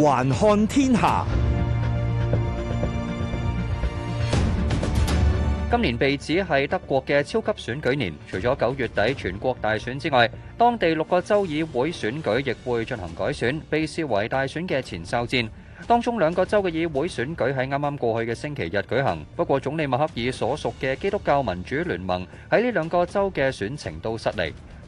環看天下。今年被指係德國嘅超級選舉年，除咗九月底全國大選之外，當地六個州議會選舉亦會進行改選，被視為大選嘅前哨戰。當中兩個州嘅議會選舉喺啱啱過去嘅星期日舉行，不過總理默克爾所屬嘅基督教民主聯盟喺呢兩個州嘅選情都失利。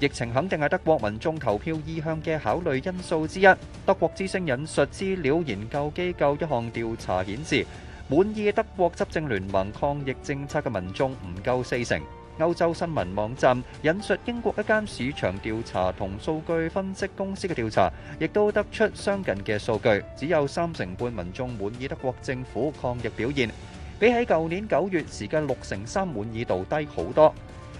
疫情肯定係德國民眾投票意向嘅考慮因素之一。德國之聲引述資料研究機構一項調查顯示，滿意德國執政聯盟抗疫政策嘅民眾唔夠四成。歐洲新聞網站引述英國一間市場調查同數據分析公司嘅調查，亦都得出相近嘅數據，只有三成半民眾滿意德國政府抗疫表現，比起舊年九月時嘅六成三滿意度低好多。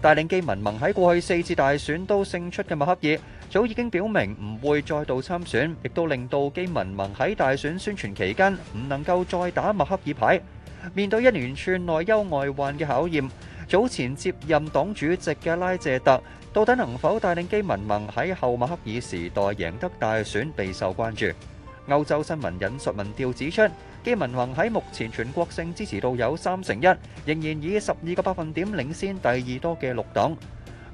帶領基民盟喺過去四次大選都勝出嘅默克爾，早已經表明唔會再度參選，亦都令到基民盟喺大選宣傳期間唔能夠再打默克爾牌。面對一連串內憂外患嘅考驗，早前接任黨主席嘅拉謝特，到底能否帶領基民盟喺後默克爾時代贏得大選備受關注。歐洲新聞引述民調指出。基民盟喺目前全國性支持度有三成一，仍然以十二個百分點領先第二多嘅綠黨。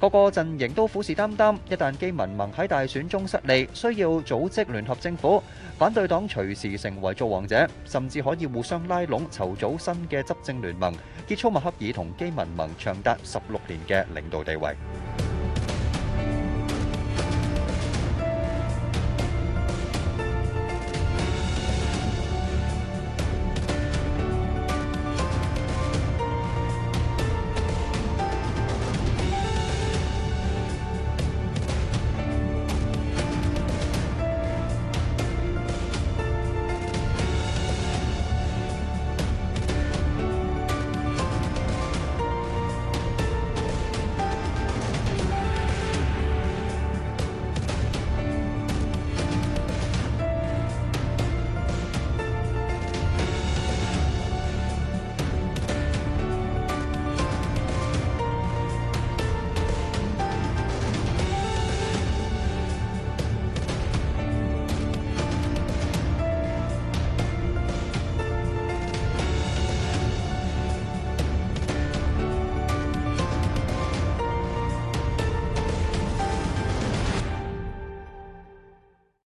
個個陣營都虎視眈眈，一旦基民盟喺大選中失利，需要組織聯合政府，反對黨隨時成為造王者，甚至可以互相拉攏籌組新嘅執政聯盟，結束默克爾同基民盟長達十六年嘅領導地位。